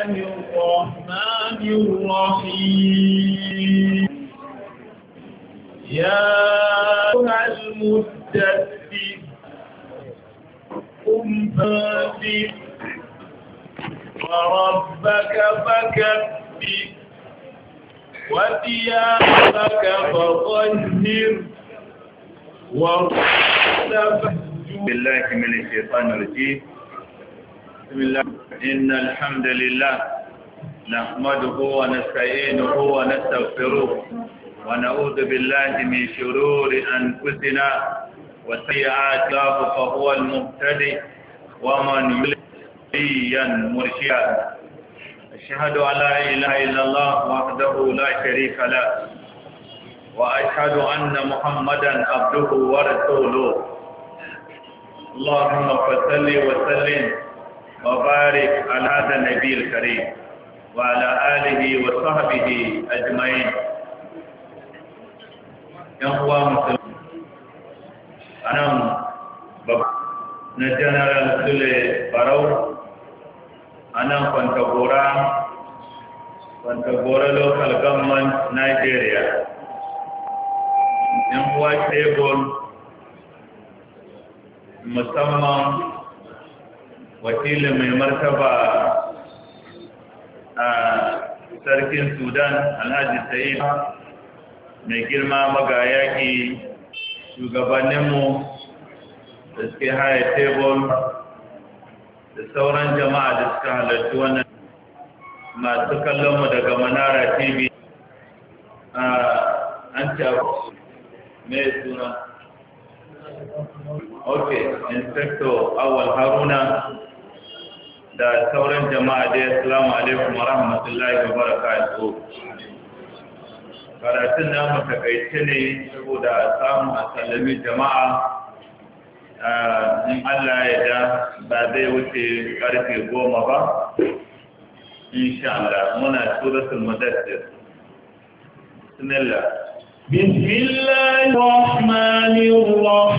الله الرحمن الرحيم يا أيها المدثر قم فانذر وربك فكبر وثيابك فطهر بالله من الشيطان الرجيم بسم الله إن الحمد لله نحمده ونستعينه ونستغفره ونعوذ بالله من شرور أنفسنا وسيئات الله فهو المبتدئ ومن يلقيا مرشدا أشهد أن لا إله إلا الله وحده لا شريك له وأشهد أن محمدا عبده ورسوله اللهم صل وسلم وبارك على هذا النبي الكريم وعلى آله وصحبه أجمعين ‘yan uwa musulmi a nan na sule barau a nan kwantagora kwantagora local government ‘yan uwa table musamman wakilin mai martaba a sarkin sudan alhaji sa'id mai girma yaƙi shugabanninmu da suke haya tebul da sauran jama'a da suka halarci wannan masu kallonmu daga manara tv a an cabo mai suna ok inspector awal haruna da sauran jama'a dai assalamu alaikum wa rahmatullahi wa barakatuhu karatun namu takaice ne saboda samu a sallami jama'a in Allah ya da ba zai wuce karfe goma ba insha Allah muna suratul mudaddis bismillah bismillahir rahmanir rahim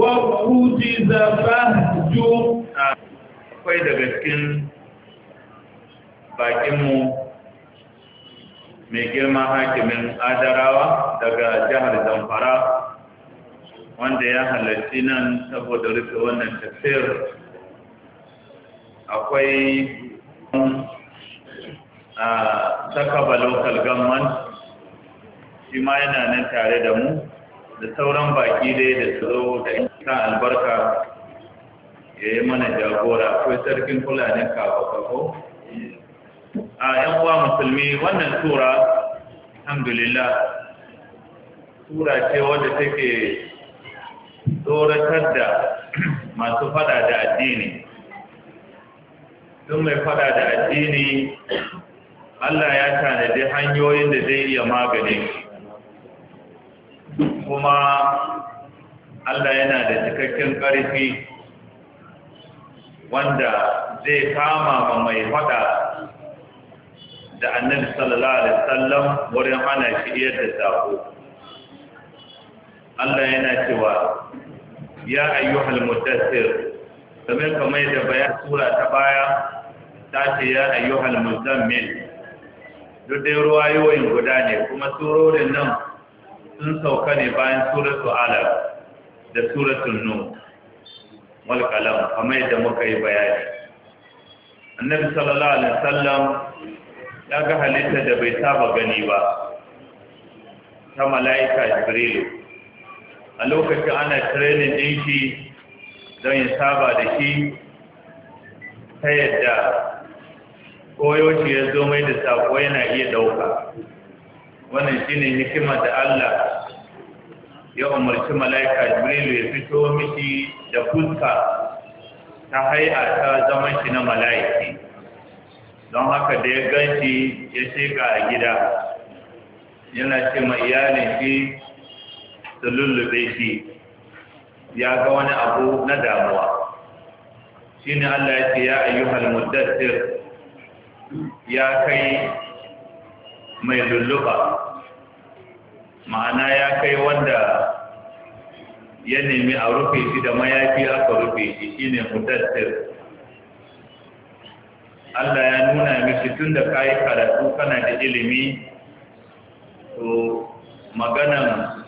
wa ujiza fahjur akwai daga cikin bakinmu mai girma hakimin adarawa daga jihar zamfara wanda ya halarci nan saboda rufe wannan tafiyar akwai a ah, ba local government shi ma yana nan tare da mu da sauran baki dai da su zo da sa albarka ya yi mana jagora ko sarkin fulani kafa-kafo a yan uwa musulmi wannan tura alhamdulillah tura ce wadda take tsoratar da masu fada da addini sun mai fada da addini Allah ya tanadi hanyoyin da zai iya magani kuma Allah yana da cikakken ƙarfi wanda zai kama ma mai faɗa da annabi sallallahu alaihi wasallam wurin hana shi yadda da sako Allah yana cewa ya ayyuhal muddathir kamar kamar da bayan sura ta baya ta ce ya ayyuhal muzammil duk dai ruwayoyin guda ne kuma surorin nan sun sauka ne bayan suratu alaq da suratul nur walƙalam kamar yadda muka yi bayani annabi sallallahu alaihi wasallam ya ga halitta da bai saba gani ba ta mala'ika jibril a lokacin ana training din shi don ya saba da shi ta yadda koyo shi ya zo mai da sako yana iya dauka wannan shine hikimar da Allah ya umarci mala'ika jibrilu ya fito miki da fuska ta hai'a ta zaman shi na mala'iki don haka da ya ganci ya shiga a gida yana ce ma iyalin shi su lullube shi ya ga wani abu na damuwa shi ne Allah ya ce ya ayyuhal muddassir ya kai mai lulluba ma'ana ya kai wanda ya nemi a rufe shi da mayafi aka rufe shi shine mutattir Allah ya nuna miki tun da kayi karatu kana da ilimi to maganan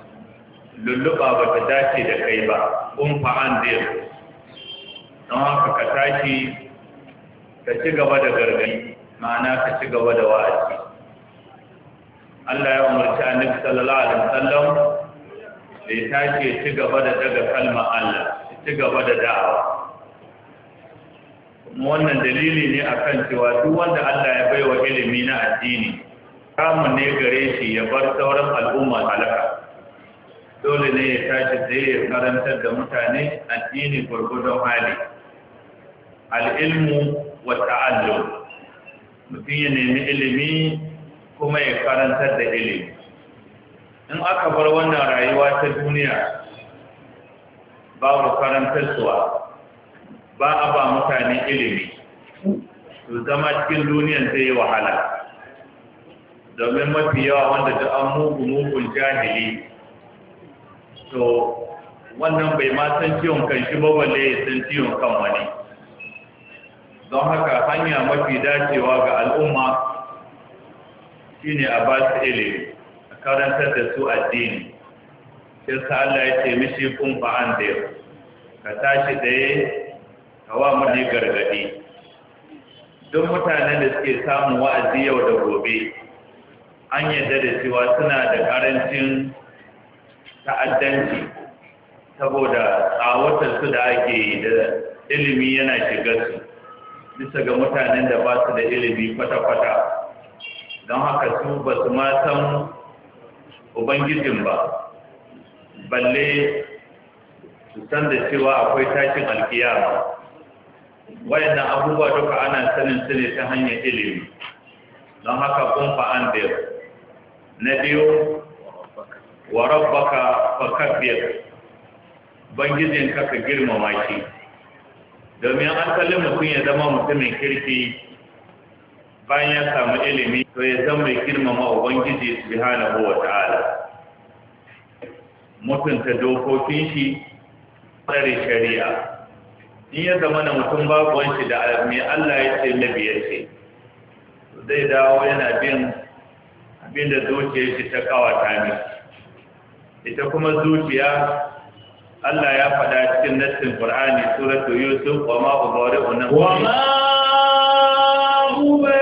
lulluɓa ba ta dace da kai ba kun fa'an zai don haka ka tashi ka ci gaba da gargani ma'ana ka ci gaba da wa'azi Allah ya umarci annabi sallallahu alaihi wasallam da ya tashi ya ci gaba da daga kalmar Allah ya ci gaba da da'awa wannan dalili ne akan cewa duk wanda Allah ya baiwa ilimi na addini kamun ne gare shi ya bar sauran al'umma halaka dole ne ya tashi sai ya karantar da mutane addini gurgudun hali al'ilmu wa ta'allum mutum ya nemi ilimi kuma ya karantar da ilimi in aka bar wannan rayuwa ta duniya babu karantarsuwa ba a ba mutane ilimi su zama cikin duniyan zai yi wahala domin mafi yawa wanda da an mugu mugun jahili to wannan bai ma san ciwon kan shi ba balle ya san ciwon kan wani don haka hanya mafi dacewa ga al'umma Shi ne a ba su ilimi a karantar da su addini sai sa Allah ya ce mishi kun an da ka tashi tsaye ka wa mani gargadi duk mutanen da suke samun wa'azi yau da gobe an yadda da cewa suna da karancin ta'addanci saboda su da ake yi da ilimi yana shigar su bisa ga mutanen da ba su da ilimi kwata-kwata don haka su ba su matan ubangijin ba balle su san da cewa akwai tashin alkiyama wayannan abubuwa duka ana sanin su ne ta hanyar ilimi don haka kun fa'an da na biyu wa rabbaka fakabbir bangijin ka ka girmama shi domin asalin mutum ya zama mutumin kirki bayan ya samu ilimi to ya zama mai girmama ubangiji subhanahu wa ta'ala mutunta dokokin shi tsare shari'a in ya zama na mutum babuwan shi da mai Allah ya ce na biyar ce zai dawo yana bin abin da zuciyar shi ta kawata ne ita kuma zuciya Allah ya faɗa cikin nassin Qur'ani suratul Yusuf wa ma ubari'u nafsi wa ma ubari'u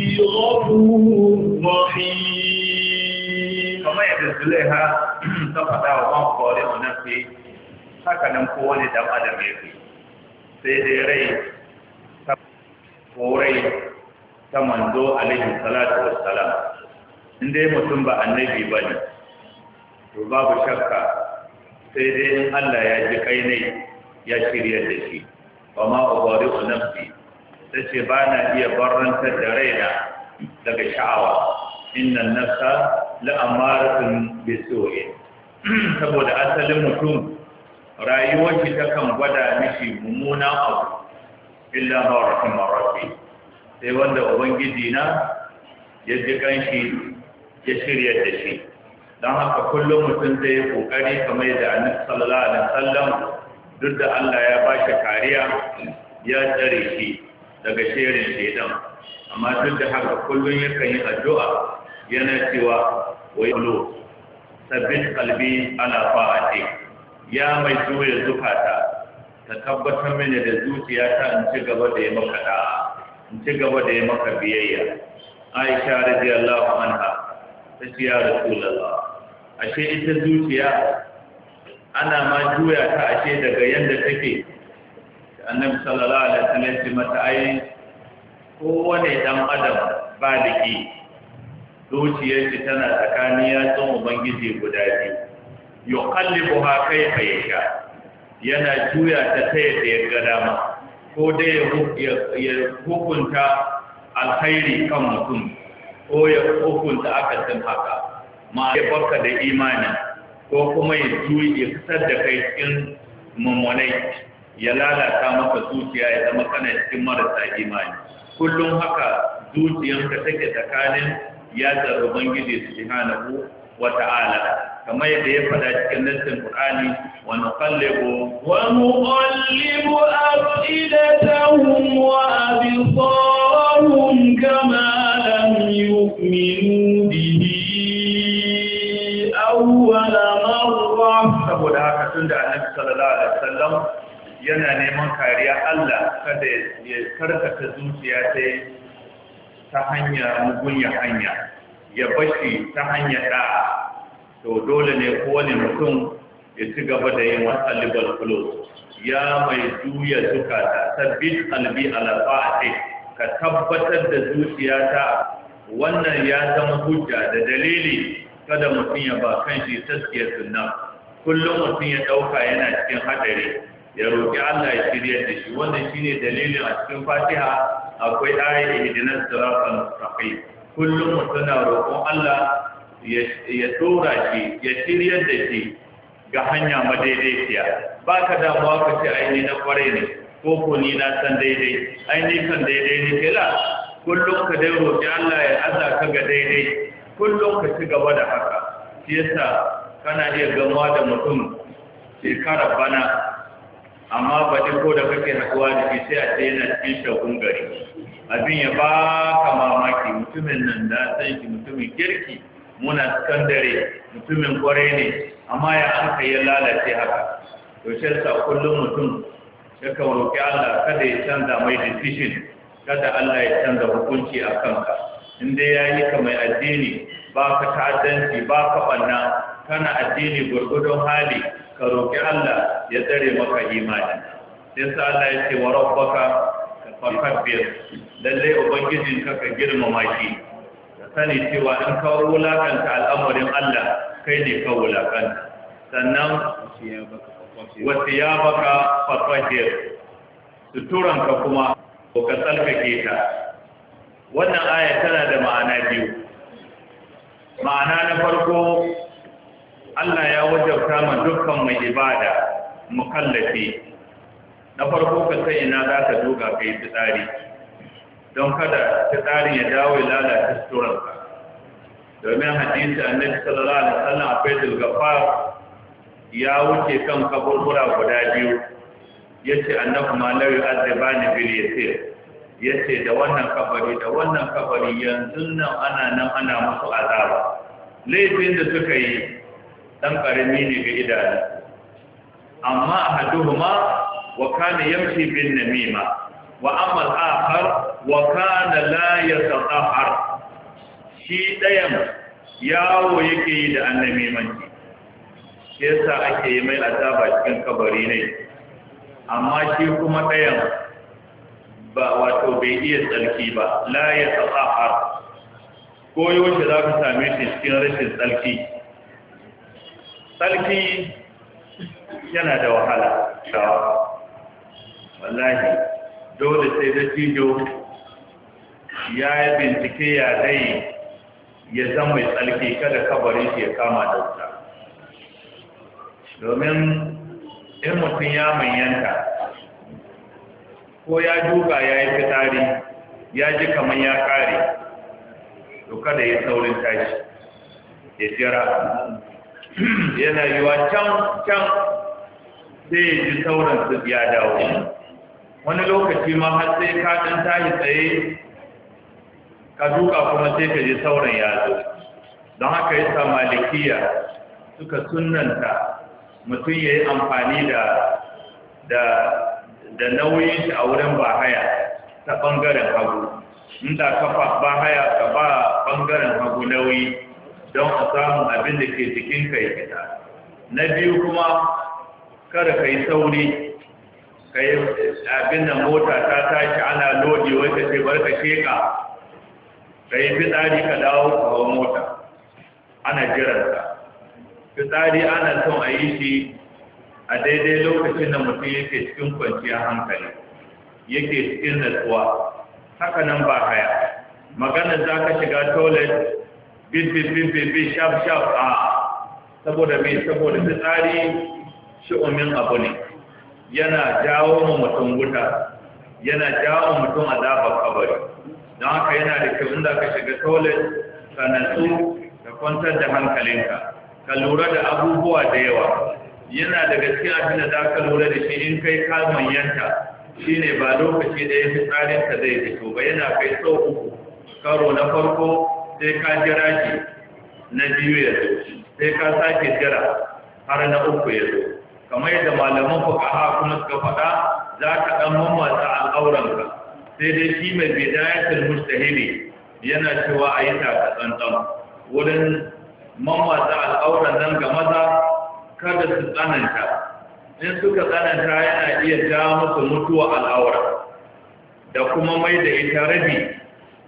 غفور رحيم kamar yadda Zulaiha ta faɗa wa ban kore wannan sai adam sai dai rai ta ta salatu in dai mutum ba annabi bane to babu shakka sai dai Allah ya ji kai ne ya shirya da shi wa ma ubari'u nafsi ce ba na iya barantar da raina daga sha'awa innan nasa la'amaratun bisoye saboda asalin mutum rayuwar shi ta kan gwada mishi mummuna abu illa ma rahimar sai wanda ubangiji na ya ji ganshi ya shirya da shi don haka kullum mutum zai yi kokari kamar da annabi sallam, duk da Allah ya ba shi kariya ya tsare shi daga shirin shedan amma duk da haka kullum yakan yi addu'a yana cewa wa yalo sabbin kalbi ala fa'ati ya mai juya zukata ta tabbatar mini da zuciyata in ci gaba da ya maka da'a in ci gaba da ya maka biyayya aisha radiyallahu anha ta ce ya rasulullah ashe ita zuciya ana ma juya ta ashe daga yanda take annabi sallallahu alaihi wasallam mata ai kowane dan adam ba da ke zuciyar shi tana tsakanin yatsun ubangiji guda biyu yuqallibu ha kai yasha yana juya ta ta yadda ya ga dama ko dai ya hukunta alkhairi kan mutum ko ya hukunta akasin haka ma ya baka da imani ko kuma ya juyi ya fitar da kai cikin mummunai ya lalata maka zuciya ya zama kana cikin marasa imani kullum haka zuciyarka take tsakanin ya tsara ubangiji subhanahu wa ta'ala kamar yadda ya faɗa cikin nassin Qur'ani wa nuqallibu wa nuqallibu afidatahum wa absarahum kama lam yu'minu bihi awwala marra saboda haka tunda Annabi sallallahu alaihi wasallam yana neman kariya Allah kada ya karkata zuciya ta ta hanya mugunya hanya ya bashi ta hanya da to dole ne kowane mutum ya ci gaba da yin wasalibal kulo ya mai juya zukata sabbin albi alfa'ati ka tabbatar da zuciyata wannan ya zama hujja da dalili kada mutum ya ba kan shi taskiyar sunna kullum mutum ya ɗauka yana cikin haɗari. ya roƙi Allah ya shirya da shi wannan shine dalilin a cikin Fatiha akwai ayat ihdinas siratal mustaqim kullum mutum roƙon Allah ya tura shi ya shirya da shi ga hanya madaidaiciya ba ka damuwa ka ce aini na kware ne ko ko ni na san daidai aini kan daidai ne ke la kullum ka dai roƙi Allah ya aza ka ga daidai kullum ka ci gaba da haka shi yasa kana iya gama da mutum shekara bana amma ba duk ko da kake haɗuwa da ke sai a ce yana cikin shagun gari abin ya ba ka mamaki mutumin nan da san shi mutumin kirki muna dare mutumin kwarai ne amma ya an ka ya lalace haka to shi yasa kullum mutum ya ka roƙi Allah kada ya canza mai decision kada Allah ya canza hukunci a kanka in dai ya yi ka mai addini ba ka ta'addanci ba ka ɓanna kana addini gurgudun hali ka roƙi Allah ya tsare maka imani sai sa Allah ya ce wa rabbaka fakabbir lalle ubangijin ka ka girmama shi ka sani cewa in ka wulakanta al'amarin Allah kai ne ka wulakanta sannan wasu ya baka fakabbir suturanka kuma ko ka tsarkake ta wannan aya tana da ma'ana biyu ma'ana na farko Allah ya wajabta ma dukkan mai ibada mukallafi na farko ka sai ina za ka duga ka yi fitsari don kada fitsarin ya dawo ya lalata suturanka domin hadisi annabi sallallahu alaihi wasallam a faidul gafar ya wuce kan kaburbura guda biyu yace annabi ma lawi azbani bil yasir yace da wannan kabari da wannan kabari yanzu nan ana nan ana musu azaba laifin da suka yi dan karami ne ga idanu amma ma wa kana yamshi bin namima wa amma al-akhar wa kana la yatatahhar shi ɗayan yawo yake yi da annabimanci shi yasa ake yi mai azaba cikin kabari ne amma shi kuma ɗayan, ba wato bai iya tsarki ba la yatatahhar ko yaushe za ka same shi cikin rashin tsarki sarki yana da wahala shawa wallahi dole sai da tijo ya yi bincike ya dai ya zama mai tsarki kada kabarin ya kama da wuta domin in mutum ya manyanta ko ya duba ya yi fitari ya ji kamar ya kare to kada ya saurin tashi ya jira yana wa can can sai ya ji sauran su ya dawo wani lokaci ma har sai ka ɗan tashi tsaye ka duka kuma sai ka ji sauran ya zo don haka ya sa malikiya suka sunanta mutum ya yi amfani da da nauyin shi a wurin bahaya ta ɓangaren hagu inda ka ba bahaya ka ba ɓangaren hagu nauyi don a samun abin da ke jikin kai fita na biyu kuma kada ka yi sauri ka yi abin da mota ta tashi ana lodi ka ce bar ka sheka ka yi fitsari ka dawo kawo mota ana jiranta fitsari ana son a yi shi a daidai lokacin da mutum yake cikin kwanciyar hankali yake cikin natsuwa haka nan ba haya maganar za ka shiga toilet bibbibbibbi shaf shaf a saboda mai saboda fitsari shi'umin abu ne yana jawo mu mutum wuta yana jawo mutum azabar kabari don haka yana da kyau inda ka shiga toilet ka natsu ka kwantar da hankalinka ka lura da abubuwa da yawa yana da cikin abin da za ka lura da shi in kai kalman yanta shi ne ba lokaci da ya fi tsarinka zai fito ba yana kai sau uku karo na farko sai ka jira shi na biyu ya zo sai ka sake jira har na uku ya zo kamar yadda malaman ha kuma suka faɗa za ka ɗan mamata al'auranka sai dai shi mai bidayatul mustahili yana cewa a yi taka tsantsan wurin mamata al'auran nan ga maza kada su tsananta in suka tsananta yana iya ja musu mutuwa al'aura da kuma mai da ita rabi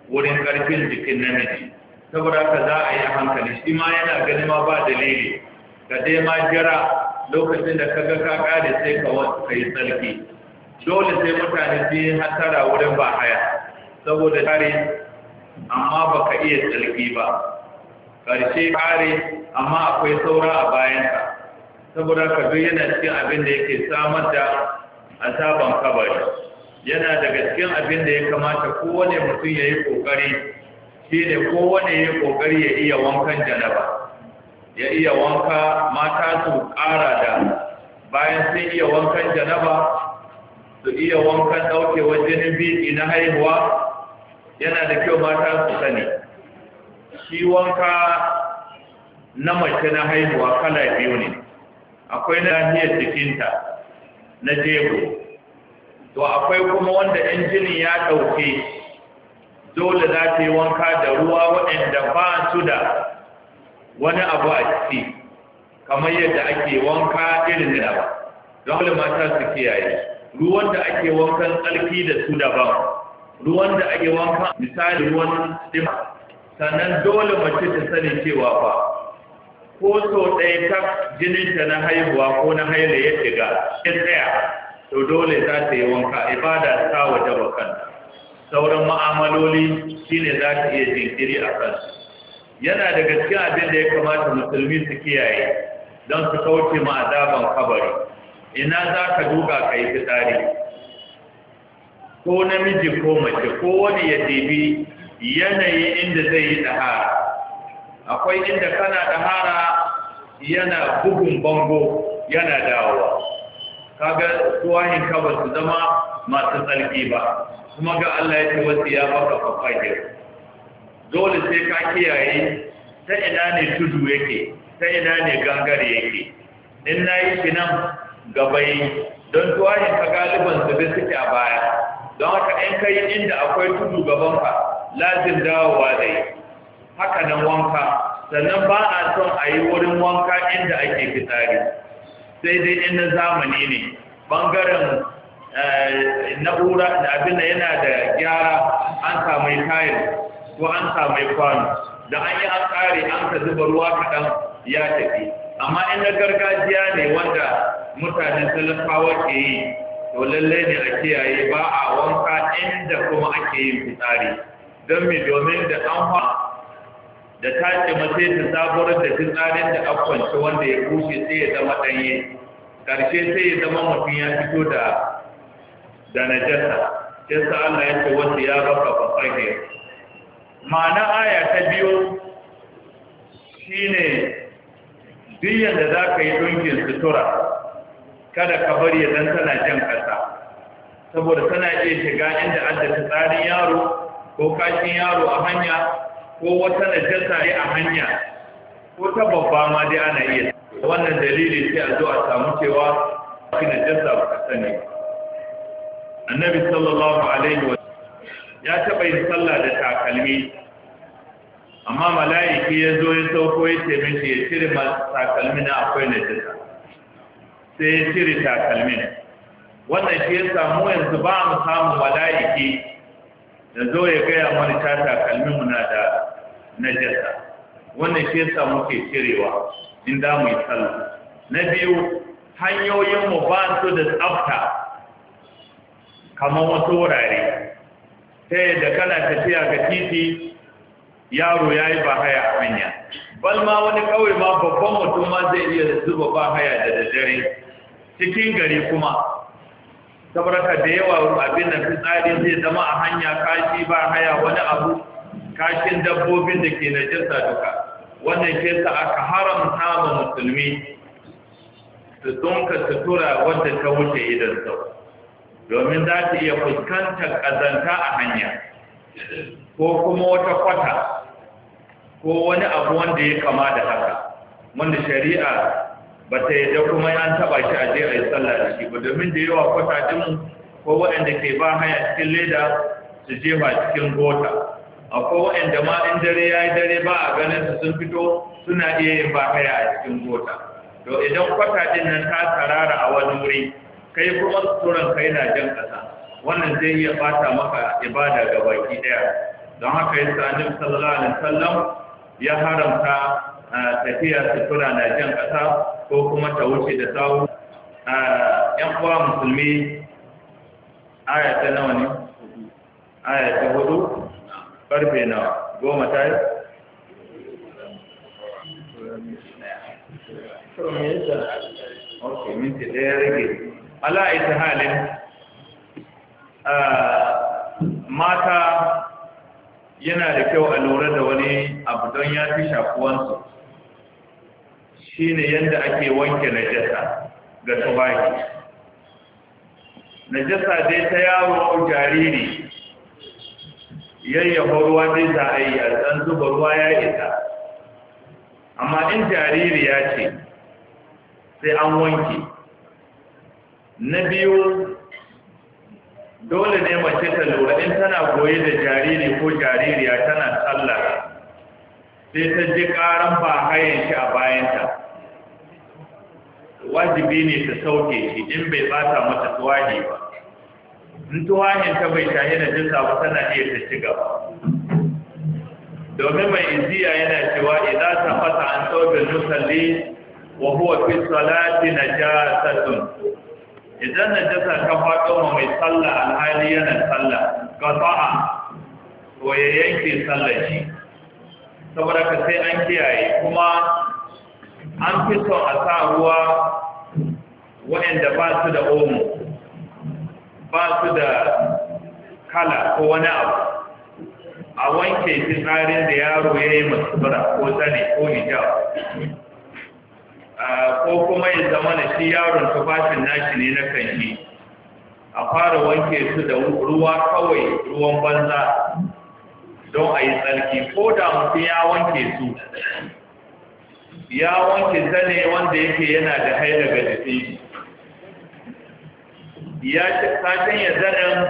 wurin ƙarfin jikin namiji saboda ka za a yi hankali shi ma yana gani ma ba dalili ka dai ma jira lokacin da ka ga ka kare sai ka wasu ka yi tsarki dole sai mutane su yi hasara wurin ba haya saboda kare amma ba ka iya tsarki ba ƙarshe kare amma akwai saura a bayanka saboda ka duk yana cikin abin da yake samar da asaban kabari yana daga cikin abin da ya kamata kowane mutum ya yi ƙoƙari shi ne kowane ya kogari ya iya wankan janaba ya iya wanka mata su ƙara da bayan sun iya wankan janaba su iya wankan ɗaukewar jinin biki na haihuwa yana da kyau mata su sani shi wanka na mace na haihuwa kala biyu ne akwai na hiyar jikinta na jebu to akwai kuma wanda injinin ya ɗauke dole za ta yi wanka da ruwa waɗanda ba su da wani abu a ciki kamar yadda ake wanka irin da ba don wani mata su kiyaye ruwan da ake wankan tsarki da su da ba ruwan da ake wanka misali ruwan stima sannan dole mace ta sani cewa fa ko so ɗaya ta jininta na haihuwa ko na haila ya shiga ya tsaya to dole za ta yi wanka ibada ta wata kanta. sauran ma'amaloli shi ne za ta iya jinkiri a kan yana da gaske abin da ya kamata musulmi su kiyaye don su kauce ma azaban kabari ina za ka duka ka yi fitari ko namiji ko mace ko wani ya debi yanayi inda zai yi dahara akwai inda kana dahara yana bugun bango yana dawowa kaga tuwahin kabar ba su zama masu tsarki ba kuma ga Allah ya ce wasu ya baka fafage dole sai ka kiyaye ta ina ne tudu yake ta ina ne gangare yake in na yi shi nan gabai don tuwahin ka galiban zube suke a baya don haka in ka yi inda akwai tudu gabanka lazim dawowa zai haka nan wanka sannan ba a son a yi wurin wanka inda ake fitari. sai dai in na zamani ne ɓangaren Eh, na'ura da abin da yana da gyara an samu tayar ko an samu kwano da an yi an tsari an ka zuba ruwa kaɗan ya tafi amma in na gargajiya ne wanda mutane talafawa ke yi to lallai ne a kiyaye ba a wanka inda kuma ake yin fitsari don mai domin da an da ta ce mace ta zaburar da fitsarin da akwance wanda ya bushe sai ya zama ɗanye ƙarshe sai ya zama mutum ya fito da da najasa sai sa Allah ya ce wasu ya baka fasake ma'ana aya ta biyo shine biyan da zaka yi dunkin sutura kada ka bari ya dan tana jan kasa saboda tana iya shiga inda ta tsarin yaro ko kashin yaro a hanya ko wata najasa ne a hanya ko ta babba ma dai ana iya wannan dalili sai a zo a samu cewa kina jasa ba ka sani ba annabi sallallahu alaihi wa ya taɓa yin sallah da takalmi amma mala'iki ya zo ya sauko ya ce mishi ya cire takalmi na akwai najisa sai ya cire takalmin wannan shi ya samu yanzu ba mu samu mala'iki da zo ya gaya mana ta takalmin muna da najasa wannan shi ya samu ke cirewa in da mu yi sallah na biyu hanyoyin mu ba su da tsafta kamar wasu wurare ta yadda kana tafiya ga titi yaro ya yi bahaya a hanya balma wani kawai ma babban mutum ma zai iya zuba bahaya da daddare cikin gari kuma saboda da yawa abin da fitsari zai zama a hanya kashi ba haya wani abu kashin dabbobin da ke najasa duka wannan ke sa aka haramta ma musulmi su tunka sutura wadda ta wuce idan sau domin za ta iya fuskantar ƙazanta a hanya ko kuma wata kwata ko wani abu wanda ya kama da haka wanda shari'a ba ta yi kuma an taba shi a je a sallah da shi ba domin da yawa kwatatinmu ko waɗanda ke ba haya cikin leda su jefa cikin gota ko waɗanda ma in dare ya yi dare ba a ganin su sun fito suna iya yin ba haya a cikin gota to idan kwatatin nan ta tarara a wani wuri kai kuma tsoron kai na jan kasa wannan zai iya bata maka ibada ga baki daya don haka ya sa sallallahu alaihi wasallam ya haramta tafiya sutura na jan kasa ko kuma ta wuce da sawu yan uwa musulmi aya ta nawa ne aya ta hudu karfe nawa goma ta yi Ok, minti ɗaya rage. ala halin ah, mata yana da kyau a lura da wani abu don ya fi shafuwansu shi ne yadda ake wanke najasa ga tubaki najasa dai ta yawon jariri yayyafa ruwa dai za a yi a zuba ruwa ya isa amma in jariri ya ce sai an wanke na biyu dole ne mace ta lura in tana koyi da jariri ko jaririya tana sallah sai ta ji karan ba hayan shi a bayanta wajibi ne ta sauke shi in bai bata mata tuwahi ba in tuwahin ta bai shahi na jinsa ba tana iya ta ci gaba domin mai iziya yana cewa idan ta fata an sauke nusalli wa huwa fi salati najasatun idan najasa ka faɗo ma mai sallah alhali yana sallah qata'a to ya yanke tsallaci saboda ka sai an kiyaye kuma an fi son a sa ruwa waɗanda ba su da omo ba su da kala ko wani abu a wanke fitsarin da yaro ya yi masu ko tsari ko hijab ko kuma ya zama na shi yaron tufafin nashi ne na kanshi a fara wanke su da ruwa kawai ruwan banza don a yi tsarki ko da mutum ya wanke su ya wanke zane wanda yake yana da hai ga jikin ya ce kafin ya zanen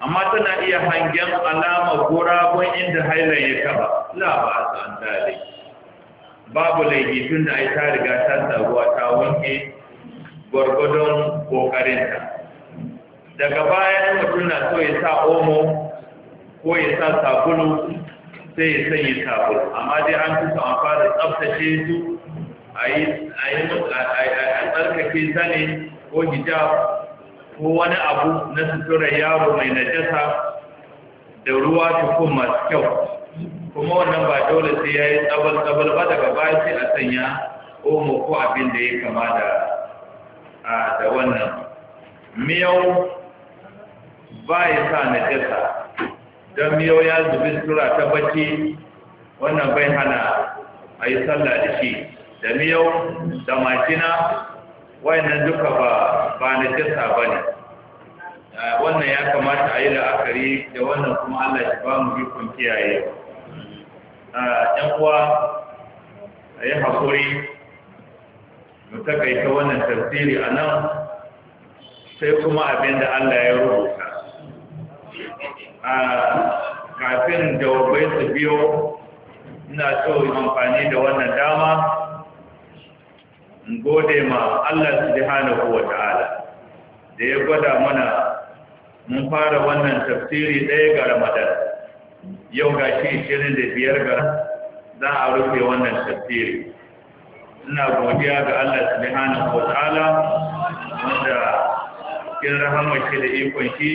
amma tana iya hangen alamar gurabun inda hailan ya taba la ba a babu laifi tun da ai ta riga ta saruwa ta wanke gwargwadon kokarinta daga bayan mutum na so ya sa omo ko ya sa sabulu sai ya sanya sabulu amma dai an fi son fara tsaftace su a yi tsarkake zane ko hijab ko wani abu na suturar yaro mai najasa da ruwa tukun masu kyau kuma wannan ba dole sai ya yi tsabal-tsabal ba daga basi sai a sanya omo ko abin da ya kama da a da wannan miyau ba ya sa na jasa don miyau ya zubi tura ta baki wannan bai hana a yi sallah da shi da miyau da makina wayannan duka ba ba na jasa ba ne wannan ya kamata a yi la'akari da wannan kuma allah shi ba mu ikon kiyaye ɗan uwa a yi haƙuri mu takaita wannan tafsiri a nan sai kuma abin da Allah ya rubuta a kafin jawabai su biyo ina so amfani da wannan dama gode ma Allah hana wa ta'ala da ya gwada mana mun fara wannan tafsiri ɗaya ga Ramadan yau ga shi biyar ga za a rufe wannan tafsiri ina godiya ga Allah subhanahu wa ta'ala wanda kin rahama shi da ikon shi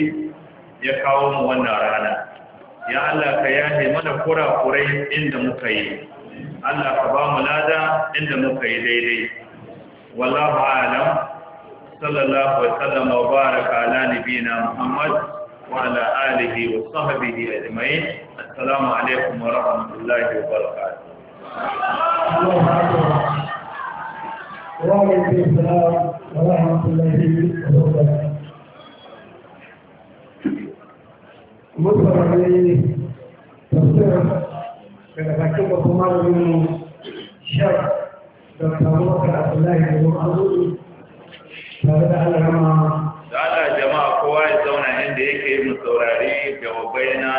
ya kawo mu wannan rana ya Allah ka yahe mana kura-kurai inda muka yi Allah ka ba mu lada inda muka yi daidai wallahu a'lam sallallahu wa sallam wa baraka ala nabiyina muhammad wa ala alihi wa sahbihi ajma'in السلام عليكم ورحمة الله وبركاته وعليكم السلام ورحمة الله وبركاته مصر تفسير daga bakin babban malamin mu shar da samuwar abdullahi da wani abubu tare da alama da ala jama'a kowa ya zauna inda yake mu saurari jawabai na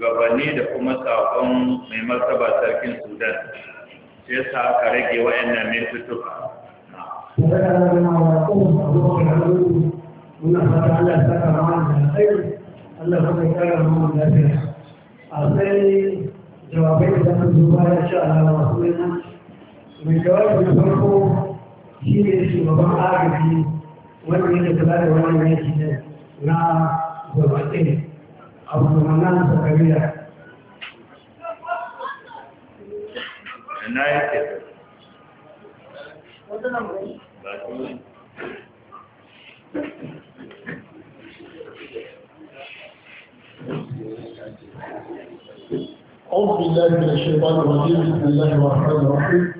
shugabanni da kuma sakon mai martaba sarkin sudan sai sa aka rage wa'annan mai fito Allah kuma ya kara mu lafiya. Akwai jawabai da zama zuwa ya ci alama masu yana. Mai jawabi na farko shi ne shugaban agaji wanda yake kula da wani yaki na gwamnati عبد الرحمن زكريا ina yake أعوذ بالله من الشيطان الرجيم بسم الله الرحمن الرحيم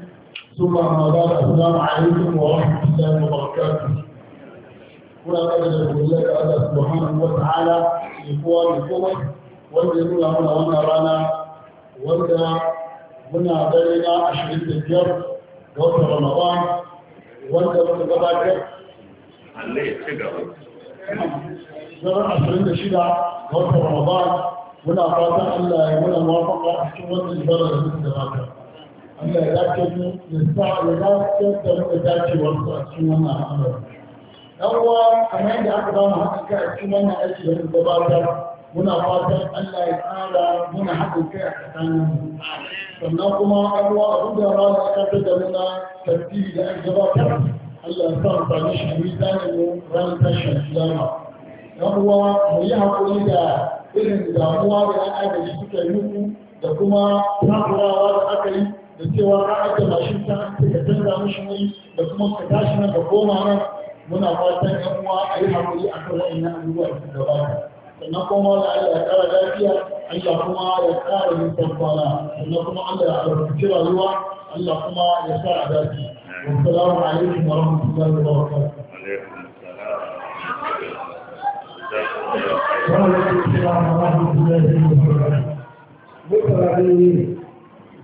ثم أما بعد السلام عليكم ورحمة الله وبركاته هنا أجل لك الله سبحانه وتعالى mai kowa mai komai wanda ya nuna mana wannan rana wanda muna dare na ashirin da biyar ga watan ramadan wanda muka gabatar zarar ashirin da shida ga watan ramadan muna fatan allah ya muna mafaka a cikin wannan zara da muka gabatar allah ya dace mu ya sa ya dace da muka dace wasu a cikin wannan al'amari yawa kamar da aka ba mu haɗa a cikin wannan aiki da muka gabatar muna fatan Allah ya ƙara muna haɗin kai a tsakanin sannan kuma abuwa abin da ba da aka da muna tasiri da aka gabatar Allah ya sa amfani shi mu zane mu ranar tashin kiyama yawa mu yi haƙuri da irin damuwa da ya agaji suka yi da kuma takurawa da aka yi da cewa ka aka mashin ta ka canza mishi ne da kuma ka tashi nan ka koma nan muna fatan yan uwa a yi haƙuri a kan wa'annan abubuwa da suka gabata sannan kuma da Allah ya ƙara lafiya Allah kuma ya ƙara nisan kwana sannan kuma Allah ya albarkaci rayuwa Allah kuma ya sa a dace wassalamu alaikum wa rahmatullahi wa barakatuh وعليكم السلام ورحمة الله وبركاته. متراجعين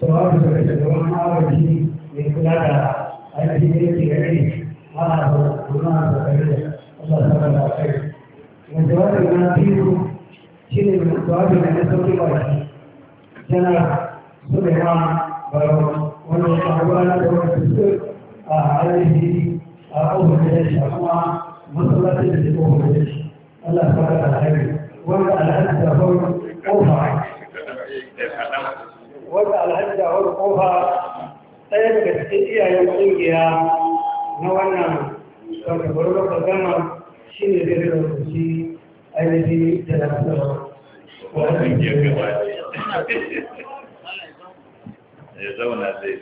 سواء في الجوامع أو في البلاد أو في الجنة هذا وهذا إليه الله سبحانه وتعالى والجواب المنافيه شيء من الجواب من الصوت والشيء جنى سليمان بارون والمعبوانة والكسر عليه أوه بليش أخوة مصلة التي أوه بليش الله سبحانه وتعالى وضع الهدى هو أوفى وضع الهدى هو أوفى ɗaya daga cikin iyayen na wannan kwanakwaru da kagama shi ne zai da ainihi da ke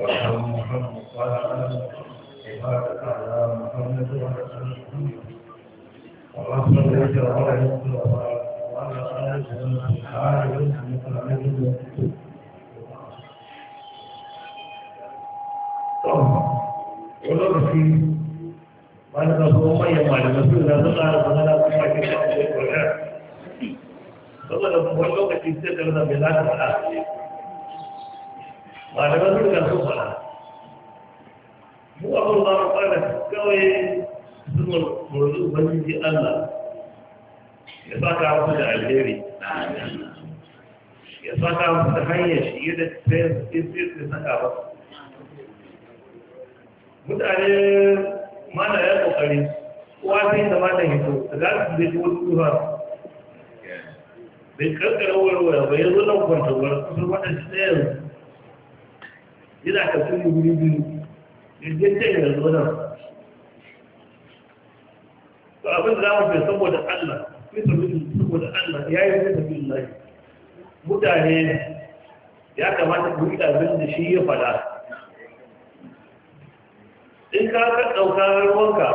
وارحم محمد وعلى آله وبارك على محمد وعلى آله وصلى الله على محمد وعلى آله وصحبه وسلم Kalau si mana kalau rumah yang mana mesti dah sekarang mana rumah kita boleh boleh. Kalau kalau kalau kita kalau dah belajar malamai sun ga sun faɗa mu abin ba mu fara kawai zuwa murzu ubangiji allah ya saka musu da alheri ya saka musu da hanyar shi yadda ta yi saka ba mutane mana ya kokari kowa sai da mata hito da za su zai wani tsufa bai karkara warware bai zo nan kwanta wani kusan waɗanda tsayin yana tafiye guri biyu jirgin ce yana zuwa nan to abin da za mu fi saboda allah fi saboda allah ya yi fi tafi lai mutane ya kamata ku yi abin da shi ya fada in ka ka ɗauka ruwanka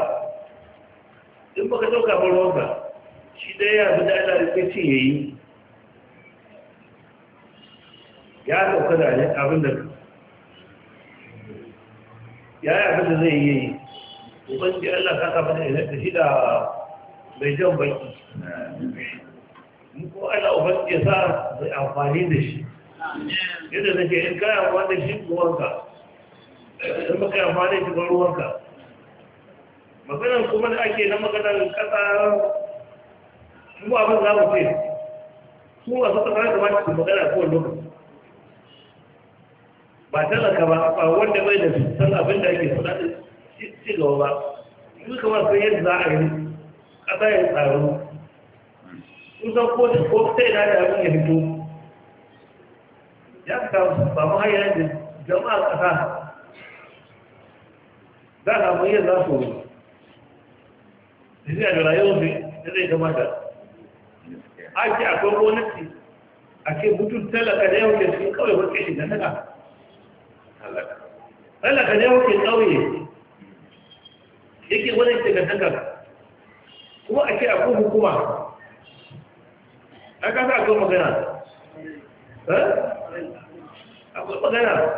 in baka ɗauka ruwanka shi ɗaya ya bi da allah da ce ya yi ya ɗauka da abin da ya yi abin da zai yi ubangi Allah ka kafa da ina da shida mai jan baki ko Allah ubangi ya sa zai amfani da shi yadda nake in kayan amfani da shi ruwanka in baka amfani da shi ruwanka maganar kuma da ake na maganar kasa kuma abin za mu ce su masu kasa da ba su magana kowane lokaci ba talaka ba ba wanda bai da san abin da ake faɗa da ci gaba ba in ka ba sai yadda za a yi ƙasa ya tsaro san ko da ko sai na da abin ya fito ya ka ba mu hanyar da jama'a ƙasa za a samu yin za su zai da rayuwar da zai kamata ake akwai gwamnati ake butun talaka da yau da shi kawai wata shi da naga halaka halaka ne wuce ƙauye yake wani shigantaka kuma a ce akwai hukuma a kasa akwai magana eh? akwai magana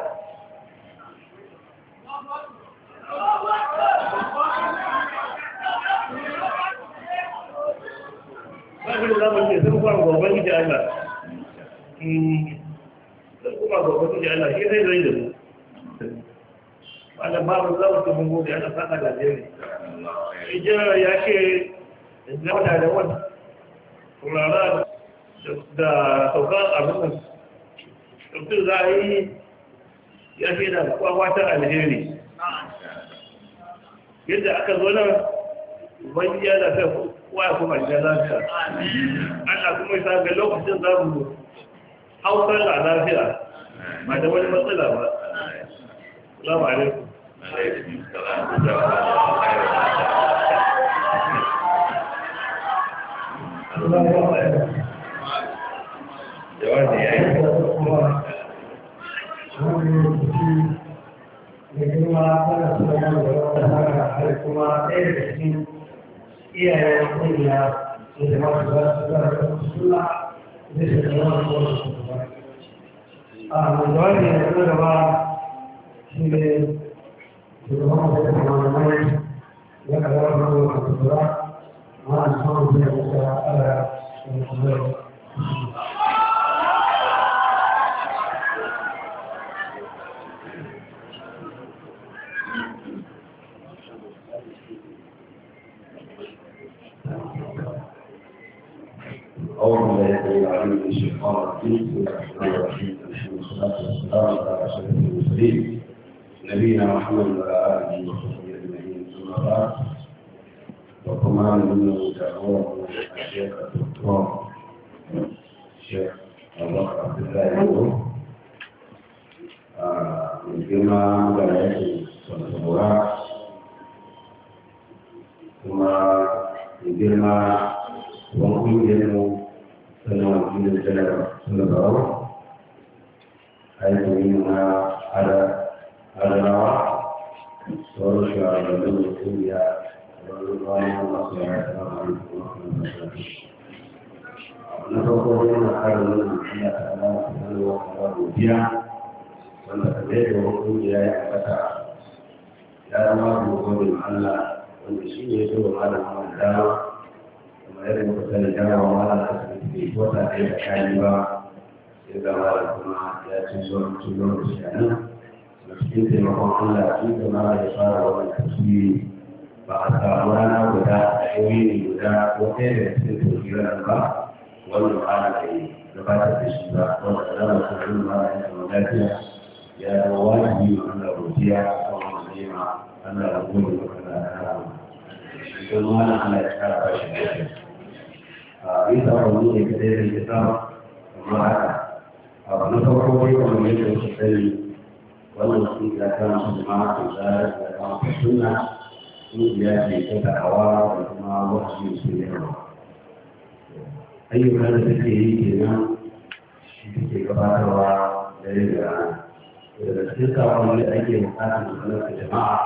abin da zama ce sun kuma gobe da Allah sun kuma gwamnati da Allah ke zai zai da mu Allah ba mu zama ta mun saka da jeri ijira ya ce zama da wani turara da saukan abin tafsir za a yi ya ce da kwakwata alheri yadda aka zo nan wani yana kai kowa kuma gida lafiya Allah kuma ya ga lokacin za mu hausar da lafiya ba da wani matsala ba. Salamu alaikum. Ah, mi dolore è una roba che اللهم صل على محمد لك الرحمه والقدرات مع الصوم في على المحمد الشيطان الرجيم نبينا محمد وعلى آله وصحبه أجمعين ثم بعد وكما من تعاون الشيخ الدكتور الشيخ الله عبد الله آه، من كما بدأت والسبورات ثم من كما وقيل له سنة وقيل الجلالة سنة حيث منها على النار سوف يعلم فيها نتقولون على المنزل على من هو قرار بها ونتبعه كل يا فتى يا الله مقول على والمسيح يدور على المعدام وما يدعو الثلجان وما لا تثبت وتأتي كاذبا إذا ما لكم يا تزور تزور الشيطان cikin taimakon Allah shi da ma ya fara wani tasiri ba a samu rana guda a yi guda ko ɗaya da cikin tasirin ba wannan ana da yi gabatar da shi ba wanda da zama su rin ma ya zama lafiya ya zama wajibi wa Allah godiya a wannan nema Allah da gode wa Allah da rama shi ko ma na Allah ya kara ba shi lafiya a yi tsawon wani ne kadai da ya samu amma haka a wani farko ne kuma ne da ke sani wannan kungiya tana kuma kungiya da kama ta suna kungiya ce ta da'awa da kuma wasu su yawa ayyukan da take yi kenan shi take gabatarwa da yin da cikin sakon da ake bukatar matsalar jama'a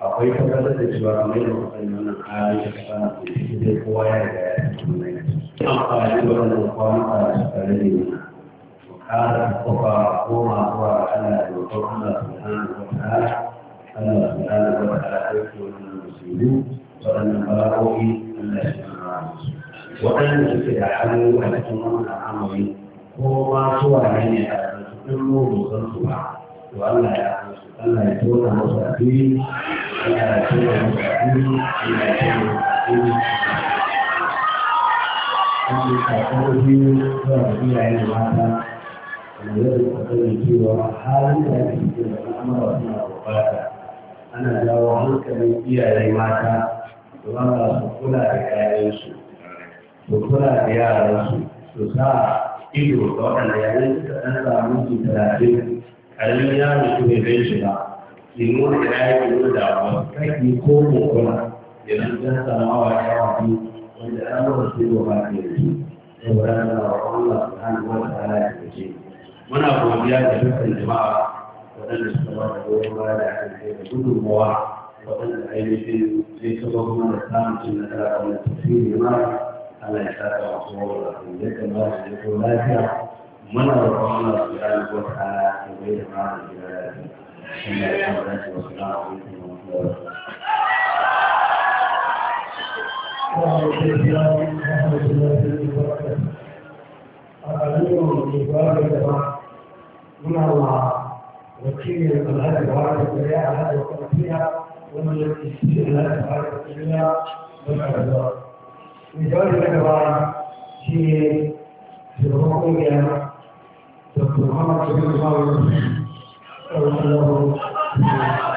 akwai tabbatar da cewa kamar yadda kuka sani wannan hali da kasa na kuma shi kowa ya riga ya tafi mai amfani da wannan kwanan a tare da yana هذا الصفا وما هو على وقول الله سبحانه وتعالى الله سبحانه وتعالى يكفر المسلمين وأن بلاغه ألا يسمعه وأن يستدعوا يعني أن يكون عمري هو ما سوى يعني تتم وصلتها وألا ألا يكون مستقيم ألا يكون مستقيم ألا يكون مستقيم أن تكون يكون هذا na yau da kan cewa halin da ake cikin al'amura suna bukata ana jawo hankalin iyaye mata su ba su kula da yayansu su kula da yaransu su sa ido ga waɗanda yayin suka ɗan samu su talatin ƙaramin yaro su bai bai shi ba limu da yayin limu da ba kaki ko kokuna idan ɗan samu awa yawa biyu wanda an wata sai ba ba ke da shi. Sai wa Allah subhanahu wa ta'ala ya kace. muna godiya da dukkan jama'a waɗanda suka ba da goyon baya da haɗin kai da gudunmawa waɗanda ainihin sai ka ba kuma da samun cin nasara a wani tafsiri ma Allah ya sa ka wasu wawar da ya kamata ya ko lafiya muna roƙon Allah su ya yi wata ala ya bai da ma da gida ya fi shi ne ya kama dace wasu na abokin wasu da wasu. Wa alaikum salam wa rahmatullahi wa barakatuh. أمير في باب الله وكيل الأهل وعلى الدنيا على وقت ومن يستطيع الأهل وعلى في باب الجماعة في في دكتور محمد بن الله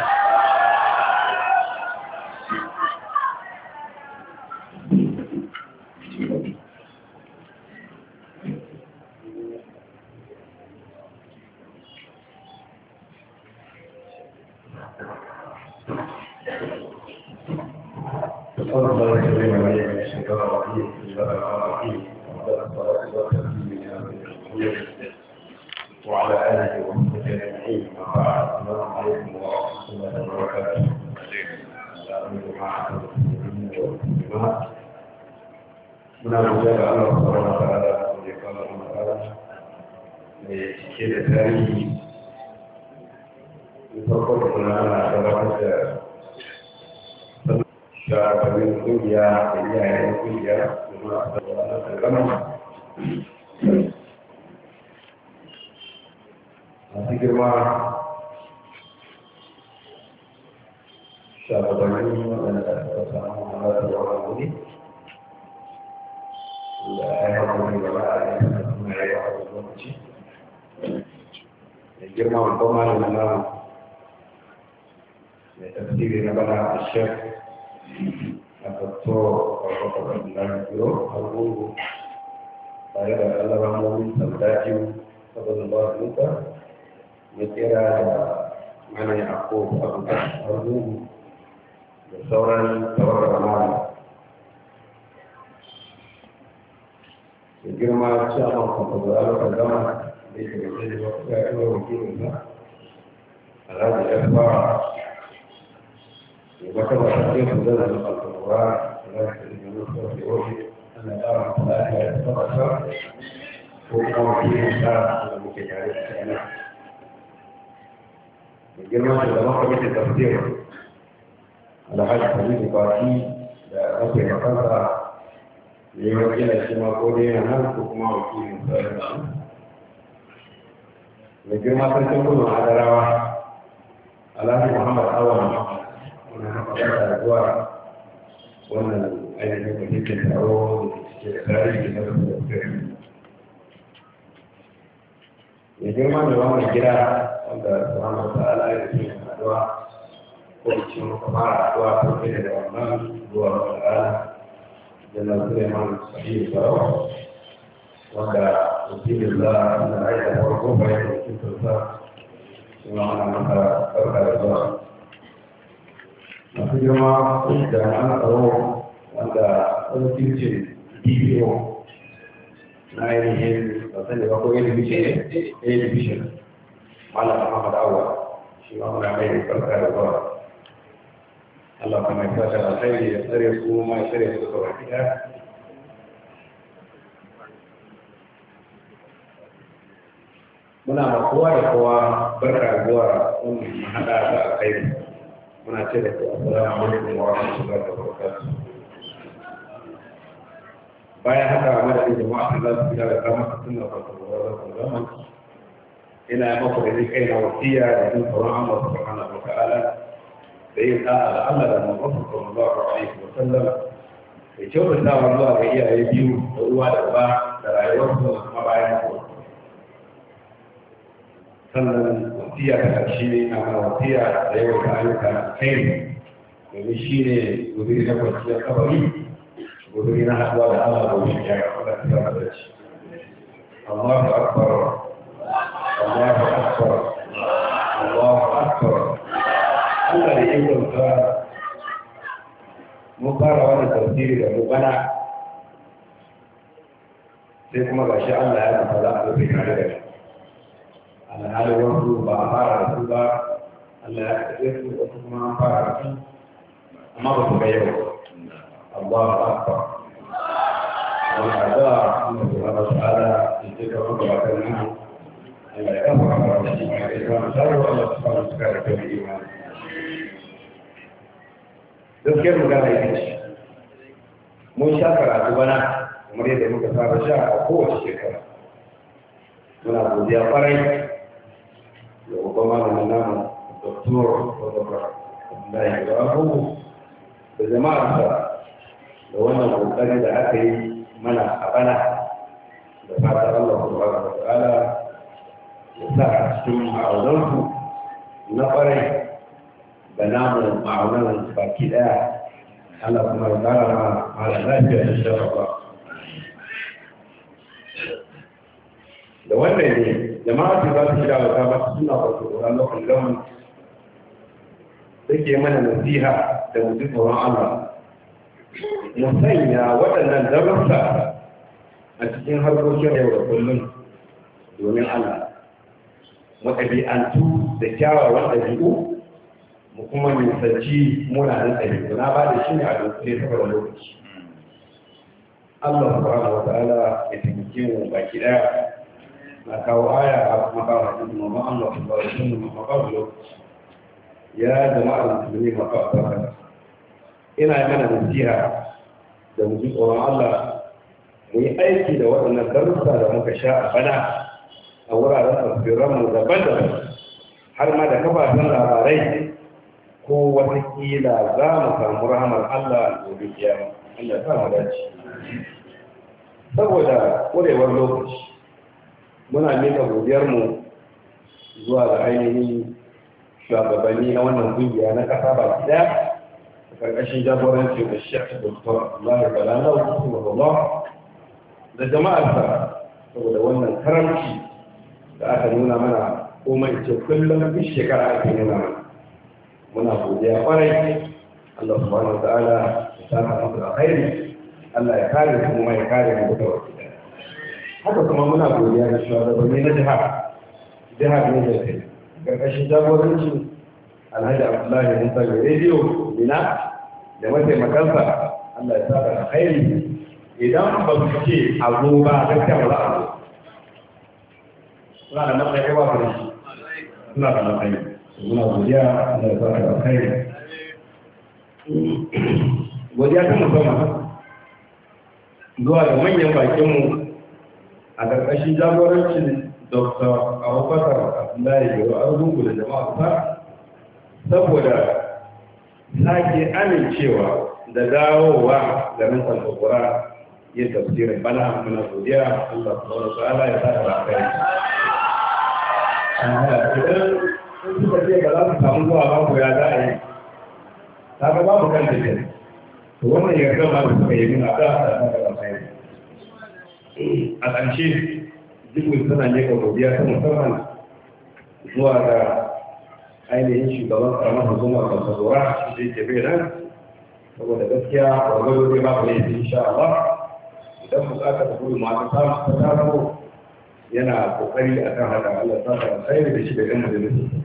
Ibrahim sallallahu alaihi wasallam mana ya aku abu harbu da sauran tawar ramana da girma cewa kwamfutar da gama da ya gaje da wasu kuma wakilin sa a ranar ya fara ya baka ba ta ce ku zana da kwamfutar da ranar ko kuma wakilin sa da muke tare da shi nan girma da zama kwamitin tafsir alhaji halilu baki da mafi makansa ne wakila shi ma ko dai yana nan ko kuma wakilin sa da shi da girma sarkin kudu a adarawa alhaji muhammad awon wani haɓaka da zuwa wannan ainihin kwamitin taro da ke da tarihi na tafsir mai girma da wani gida wanda subhanahu wa ala ya ce addu'a ko ce muka fara addu'a ko kai da wannan zuwa ga Allah da na Sulaiman sahihi sarawa wanda mutumin da na aika da farko bayan da mutum sa kuma ana masa barka da zuwa masu girma da ana tsaro wanda sarkin ce DPO na ainihin ba ne ba ko ne eh, ilimi shi ne awa shi ma muna mai barka da zuwa Allah kuma ya fata alkhairi ya tsare su ma ya tsare su muna ma kowa da kowa barka zuwa wannan mahada da alkhairi muna ce da ku assalamu alaikum wa rahmatullahi wa barakatuh bayan haka a madadin jama'a za su gida da kama su suna zaman ina maka da kai na wasiya da jin tsoron Allah subhanahu wa ta'ala da yin da'a da Allah da manzon sallallahu alaihi wa sallam da kyautatawa zuwa ga iyaye biyu da uwa da uba da rayuwar su da kuma bayan su sannan wasiya ta ƙarshe na mana wasiya da yawan ayyuka na kai domin shi ne gobe da kwanciyar kabari وذي نحن ولا أنا بوشي يا الله أكبر الله أكبر الله أكبر Allah da ya kyauta mun fara wani tafsiri da mu bana sai kuma ga shi Allah ya nufa za a rufe tare da shi alhali wasu ba a fara da su ba Allah ya kaɗe su wasu kuma an fara da su amma ba su ga yau الله أكبر والأداء أن سبحانه وتعالى يجزيك ربك كلمه أن يكفر على رسولك الإيمان شر الله سبحانه وتعالى بالإيمان gaskiyar magana ita ce mun sha karatu bana kamar yadda muka saba sha a kowace shekara muna godiya farai da babban malamin namu doktor wadda abdullahi da abubu da jama'arsa ma'aunan baki daya Allah kuma ya kara ma mara lafiya da shafafa da wannan ne jama'a ce za su shiga da ta ba su suna ba su ƙoran lokacin lamun take mana nasiha da mutum tsoron Allah mu sanya waɗannan darussa a cikin harkokin yau da kullum domin Allah mu ɗabi'antu da kyawawan ɗabi'u mu kuma nisanci muna hankali na ba da shi ne a dokule saboda lokaci Allah subhanahu wa ta'ala ya taimake mu baki daya na kawo aya a kuma kawo hadisi mamman Allah subhanahu wa ta'ala mamman kawo lokaci ya jama'a da musulmi maka a tsakar ina yi mana nasiha da mu ji tsoron Allah mu yi aiki da waɗannan darussa da muka sha a bana a wuraren tafsiranmu daban-daban har ma da kafafen labarai ko watakila za mu samu rahamar Allah da dukiya Allah ta mu dace saboda kurewar lokaci muna mika godiyar mu zuwa ga ainihin shugabanni na wannan kungiya na kasa ba daya a karkashin jagoranci da shekh dr Allah Balalau rahimahullah da jama'arsa saboda wannan karamci da aka nuna mana komai mai ce kullum duk shekara ake nuna mana muna godiya kwarai Allah subhanahu wa ta'ala ya saka muku da khairi Allah ya kare mu kuma ya kare mu da wakili haka kuma muna godiya da shugabanni na jiha jihar ne da kai karkashin jagorancin Alhaji Abdullahi Musa ga rediyo Mina da mataimakansa Allah ya saka da khairi idan ba su ce a zo ba gaskiya ba za a zo suna da matsayi ba suna da matsayi muna godiya da zaka da kai godiya ta musamman zuwa da manyan bakinmu a ƙarƙashin jagorancin dr abubakar abdullahi yau arzuku da jama'a ta saboda sake amincewa da dawowa da nan kwantagwara yin tafsirin bana muna godiya allah subhanahu wa ta'ala ya sa ta kai sun za samu zuwa ya yi ta ga kan yarda ba da suka yi nuna za a a suna ta musamman zuwa ga ainihin shugaban karamar hukumar da ta zora shi ke bai nan saboda gaskiya gwagwaro zai ba ku laifi insha Allah idan bukatar gudu ma ta samu ta yana kokari akan haka Allah ta fara sai da shi da yan majalisa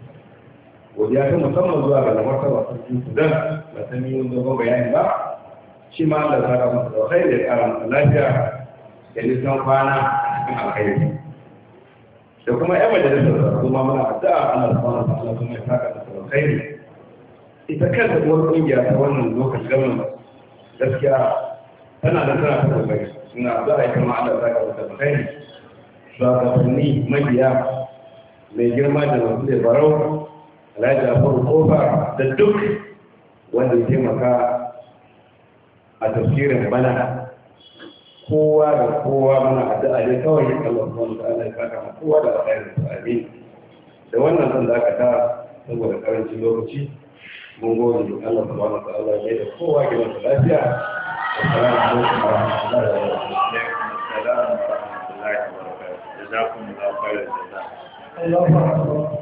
godiya ta musamman zuwa ga lamarta ba sarkin sudan ba ta miyo zama bayani ba shi ma da tsara masa da kai da tsara masa lafiya da nisan kwana a cikin alkhairi da kuma yan majalisar da kuma muna da ana samun Allah kuma ya saka masa alkhairi ita kanta kuma kungiya ta wannan lokacin gamin gaskiya tana da tana ta kokari suna za a yi kama Allah saka da alkhairi shugabanni mabiya mai girma da masu da barau alhaji abubuwan kofa da duk wanda ya taimaka a tafsirin bana kowa da kowa muna addu'a ne kawai ya kallon kuma da ala ya kama kowa da alkhairin su amin da wannan zan ta saboda karancin lokaci mun gode da Allah subhanahu wa ta'ala ne da kowa da lafiya da assalamu alaikum wa rahmatullahi wa barakatuh jazakumullahu khairan jazaa Allahu akbar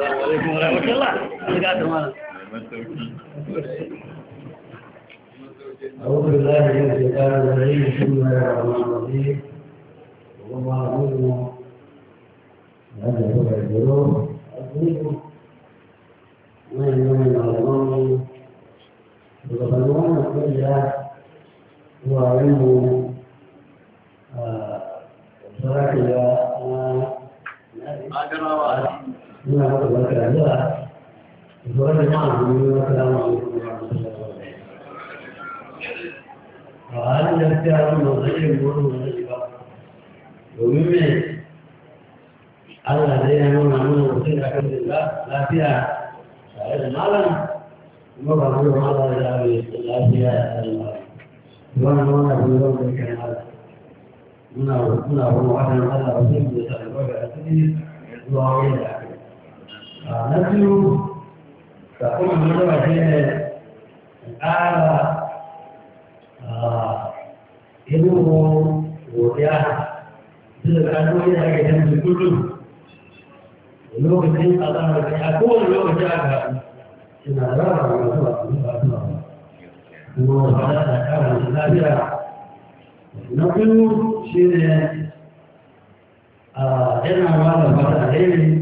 عليكم ورحمة الله أعوذ بالله من الشيطان الرجيم بسم الله الرحمن الرحيم وما أعوذنا هذا هو الجنوب أعوذكم وإن من الظلم وظلمان كلها هو علم آه، صلاة الله أدرى وأدرى بما توكل الله وتولى معه والسلام عليكم ورحمه الله وبركاته. وهذا الاختيار المصير يقول ومما الذين يمنعون المصير الحمد لله لا فيها فإذا ما لنا ومضى بهم على لا فيها الله. وانا في يوم ذلك هذا. منه منه وحده على رسول الله صلى الله عليه وسلم وعلى Ah, na biyu sakon manarwa shi ne ƙara ah, ilimin godiya duk da ƙarfi da ake canji kullum lokacin a tsanar da ya kowane lokaci a ga suna rara wa ba, zuwa zuwa kuma da fara da lafiya na biyu shi ne ah, yana ba da fara alheri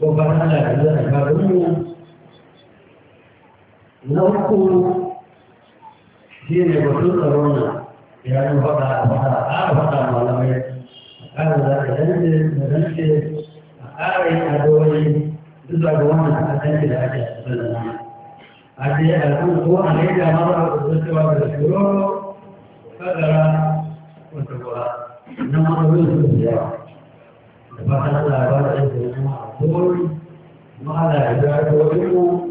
shugaban Allah da zuwa albarinmu na uku shi ne batun tsaron nan ya yi faɗa a faɗa a ƙara faɗa malamai a ƙara za a yanke da zanke a ƙara yin adowai duk da ga wannan a kanki da ake sanar a ce al'an ko a laida ma ba a zuwa da shiro kadara wata kuwa na matsalolin su da yawa da fatan Allah ba da yanke da أقول ما أنا أدرك وجهه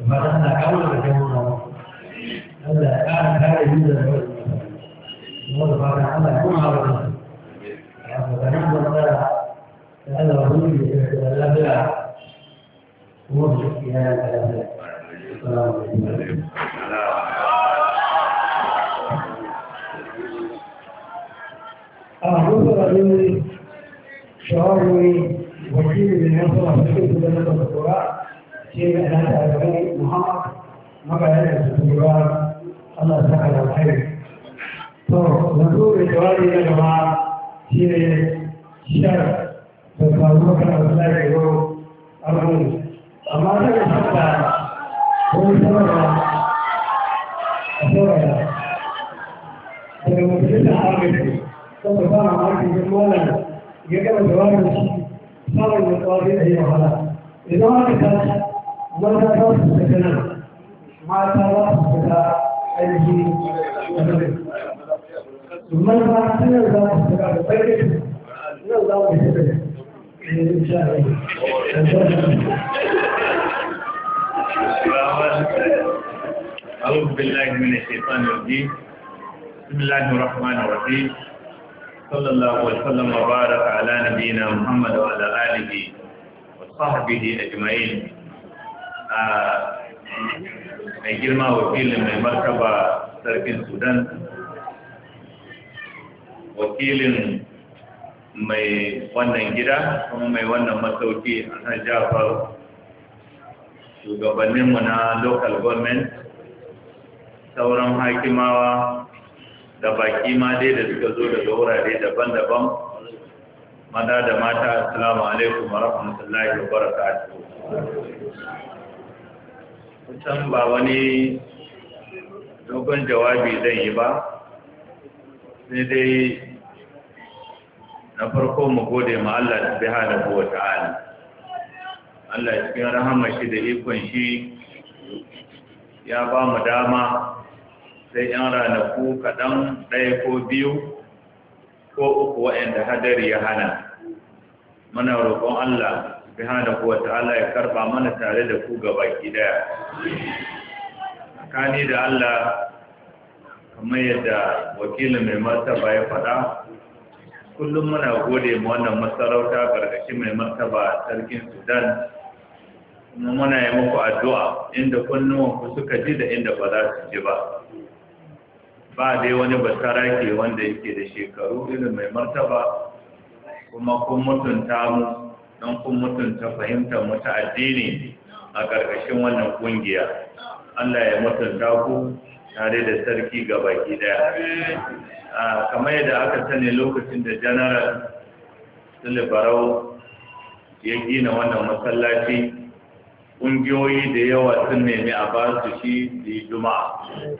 فما أنا أول كمان ألا أعرف هذه المدة الله سبحانه وتعالى يكون على الرسول فنحن نرى هذا الرسول لا ومرجع في هذا الكلام السلام عليكم أعوذ بالله شعوري الدين بالمناسبة في كتب الدكتوراه شيء لا تعرفون محمد ما بعد الدكتوراه الله سبحانه الخير تو نقول الجواب يا جماعة شيء شر فالموضوع كان الله يقول أمر أما هذا الشر هو سبب أسرع فلما تجد عارفه تصبح عارفه جمالا يجب الجواب فمن يقابل أيها الأخوة إذا كان ماذا تصف سكنا ماذا تصف سكنا أيه ماذا سنة سكنا بخير من الله أعوذ بالله من الشيطان الرجيم بسم الله الرحمن الرحيم صلى الله وسلم وبارك على نبينا محمد وعلى آله وصحبه أجمعين mai girma wakilin mai martaba sarkin sudan wakilin mai wannan gida kuma mai wannan masauki a kan jafar shugabanninmu na local government sauran hakimawa da baki ma dai da suka zo daga wurare daban-daban maza da mata assalamu alaikum wa rahmatullahi wa barakatuh kusan ba wani dogon jawabi zan yi ba sai dai na farko mu gode ma Allah da buwa ta'ala Allah cikin rahama shi da ikon shi ya ba mu dama sai yan ranaku kaɗan ɗaya ko biyu ko uku waɗanda hadari ya hana muna roƙon Allah hana kuwa ta'ala ya karɓa mana tare da ku gaba ki daya da Allah kamar yadda wakilin mai martaba ya faɗa kullum muna gode mu wannan masarauta gargashi mai martaba sarkin sudan kuma muna yi muku addu'a inda kunnuwanku suka ji da inda ba za su ji ba ba dai wani basara ke wanda yake da shekaru irin mai martaba kuma kun mutunta mu don kun mutunta fahimtar mutu addini a ƙarƙashin wannan ƙungiya Allah ya mutunta ku tare da sarki ga baki daya kamar yadda aka sani lokacin da janaral silibarau ya gina wannan masallaci ƙungiyoyi da yawa sun nemi a ba su shi da juma'a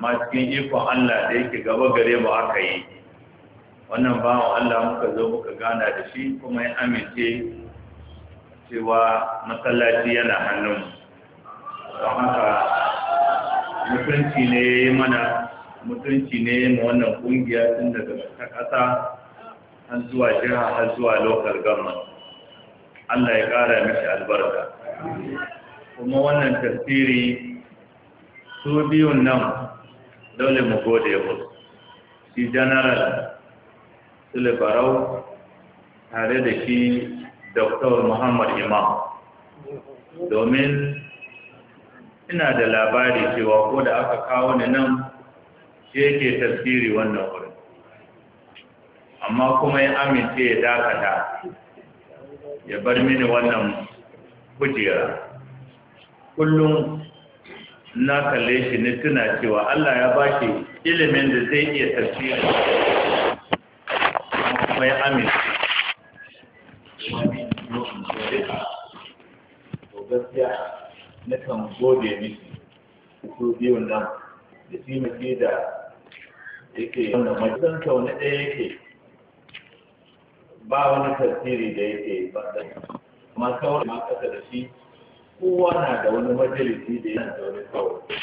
amma cikin ikon Allah da yake gaba gare mu aka yi wannan bawan Allah muka zo muka gana da shi kuma ya amince cewa masallaci yana hannun don haka mutunci ne ya yi mana mutunci ne ma wannan kungiya tun daga ta ƙasa har zuwa jiha har zuwa lokal gama Allah ya ƙara mishi albarka kuma wannan tasiri su biyun nan dole mu gode musu shi general sule barau tare da shi dr muhammad imam domin ina da labari cewa ko da aka kawo ni nan shi yake tafsiri wannan wurin amma kuma ya amince ya dakata ya bar mini wannan kujera kullum na kalle shi ne tuna cewa Allah ya ba shi ilimin da zai iya tafiya kuma ya amince gaskiya na kan gode miki su biyun nan da shi muke da yake wanda majalisar kau na ɗaya yake ba wani tasiri da yake ba da kuma kawai ma ƙasa da shi kowa na da wani majalisi da yana da wani kawai